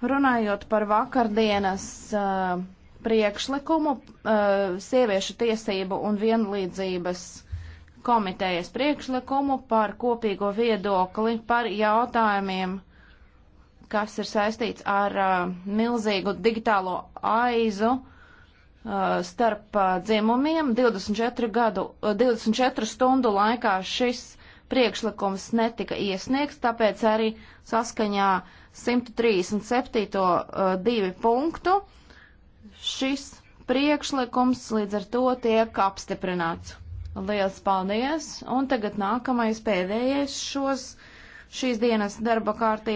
Runājot par vakardienas uh, priekšlikumu, uh, sieviešu tiesību un vienlīdzības komitejas priekšlikumu par kopīgo viedokli par jautājumiem, kas ir saistīts ar uh, milzīgu digitālo aizu uh, starp uh, dzimumiem. 24, gadu, uh, 24 stundu laikā šis priekšlikums netika iesniegts, tāpēc arī saskaņā 137.2 uh, punktu šis priekšlikums līdz ar to tiek apstiprināts. Liels paldies! Un tagad nākamais pēdējais šos šīs dienas darba kārtības.